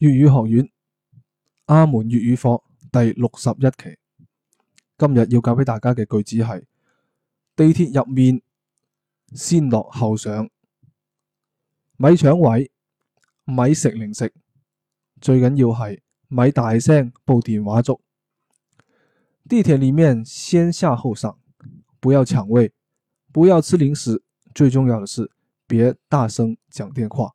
粵語學院阿門粵語課第六十一期，今日要教俾大家嘅句子係：地鐵入面先落後上，咪搶位，咪食零食，最緊要係咪大聲煲電話粥。地鐵裏面先下後上，不要搶位，不要吃零食，最重要的是別大聲講電話。